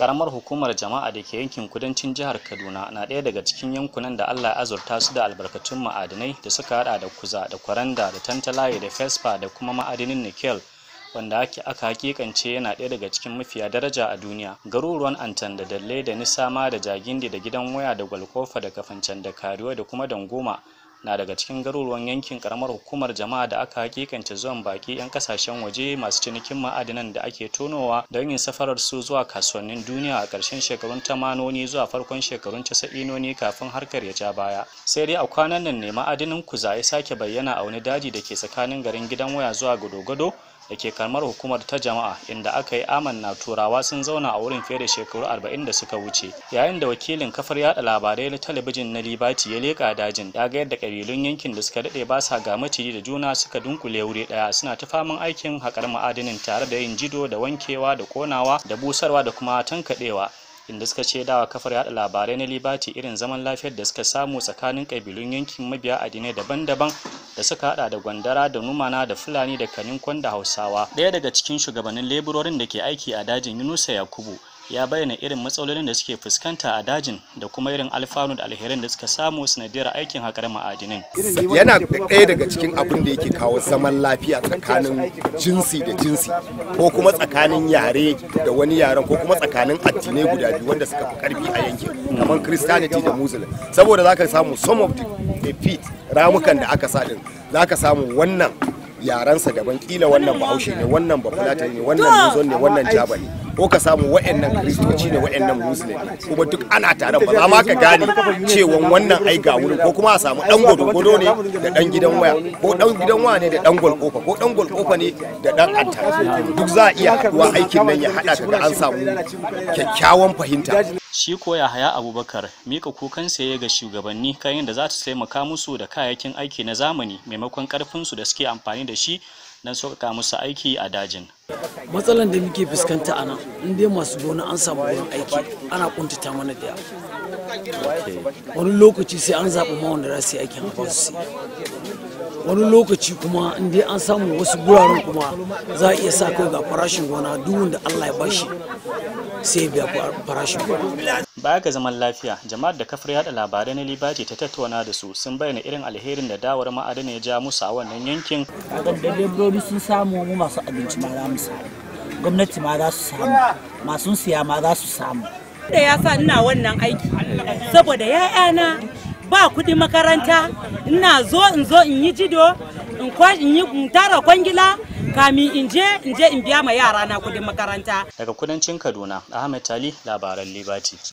karamar hukumar jama'a da ke yankin kudancin jihar kaduna na ɗaya daga cikin yankunan da allah ya azurta su da albarkatun ma'adinai da suka hada da kuza da kwaranda da tantalaye da fesfa da kuma ma'adinin Nikel, wanda aka hakikance yana ɗaya daga cikin mafiya daraja a duniya garuruwan antan da dalle da nisa ma da jagindi da gidan waya da gwalkofa da kafancan da kariwa da kuma dangoma na daga cikin garuruwan yankin karamar hukumar jama'a da aka hakikance zuwan baki 'yan kasashen waje masu cinikin ma'adinan da ake tonowa don yin safarar su zuwa kasuwannin duniya a ƙarshen shekarun tamanoni zuwa farkon shekarun casa'inoni kafin harkar ya ja baya sai dai a kwanan nan ne ma'adinin kuza ya sake bayyana a wani daji da ke tsakanin garin gidan waya zuwa gado-gado da ke karmar hukumar ta jama'a inda aka yi amanna turawa sun zauna a wurin fiye da shekaru 40 da suka wuce yayin da wakilin kafar yada labarai na talabijin na libati ya leka dajin ya ga yadda kabilun yankin da suka daɗe ba sa ga maciji da juna suka dunkule wuri ɗaya suna ta faman aikin haƙar ma'adinin tare da yin jido da wankewa da konawa da busarwa da kuma tankaɗewa inda suka ce dawa kafar yada labarai na libati irin zaman lafiyar da suka samu tsakanin kabilun yankin mabiya addinai daban-daban da suka hada da gwandara da numana da fulani da kanin da hausawa ɗaya daga cikin shugabannin leburorin da ke aiki a dajin yunusa yakubu ya bayyana irin matsalolin da suke fuskanta a dajin da kuma irin alfanu da alherin da suka samu sanadiyar aikin haƙar ma'adinin. Yana ɗaya daga cikin abin da yake kawo zaman lafiya tsakanin jinsi da jinsi ko kuma tsakanin yare da wani yaren ko kuma tsakanin addinai guda biyu wanda suka fi ƙarfi a yankin kamar Christianity da Muslim saboda zaka samu some of the feet ramukan da aka sa din zaka samu wannan yarensa daban kila wannan bahaushe ne wannan bafulata ne wannan muzon ne wannan jaba ne ko ka samu wa'annan kristoci ne wa'annan musulmi kuma duk ana tare ba za ma ka gane cewa wannan ai ga wurin ko kuma a samu dan gwado ne da dan gidan waya ko dan gidan waya ne da dan golkofa ko dan golkofa ne da dan anta duk za a iya haduwa aikin nan ya hada ka an samu kyakkyawan fahimta shi ko haya Abubakar mika kukan saye ga shugabanni kayan da za sai taimaka musu da kayayyakin aiki na zamani maimakon karfin su da suke amfani da shi don sauƙaƙa musu aiki a dajin. matsalan da muke fuskanta a nan in dai masu gona an samu wurin aiki ana kuntata mana da wani lokaci sai an zaɓi ma wanda za su yi aikin a su wani lokaci kuma in an samu wasu guraren kuma za a iya sa kai ga farashin gona duhun da Allah ya bashi sai biya farashin gona baya ga zaman lafiya jama'ar da kafar yada labarai na libaji ta tattauna da su sun bayyana irin alherin da dawar ma'adana ya ja musu a wannan yankin da dabbobi sun samu mu masu abinci ma za mu samu gwamnati ma za su samu masu siya ma za su samu da ya sa ina wannan aiki saboda 'ya'yana ba kuɗin makaranta ina zo in zo in yi jido in yi tara kwangila kamin in je in je in biya ma yara na kuɗin makaranta daga kudancin kaduna ahmed tali labaran libati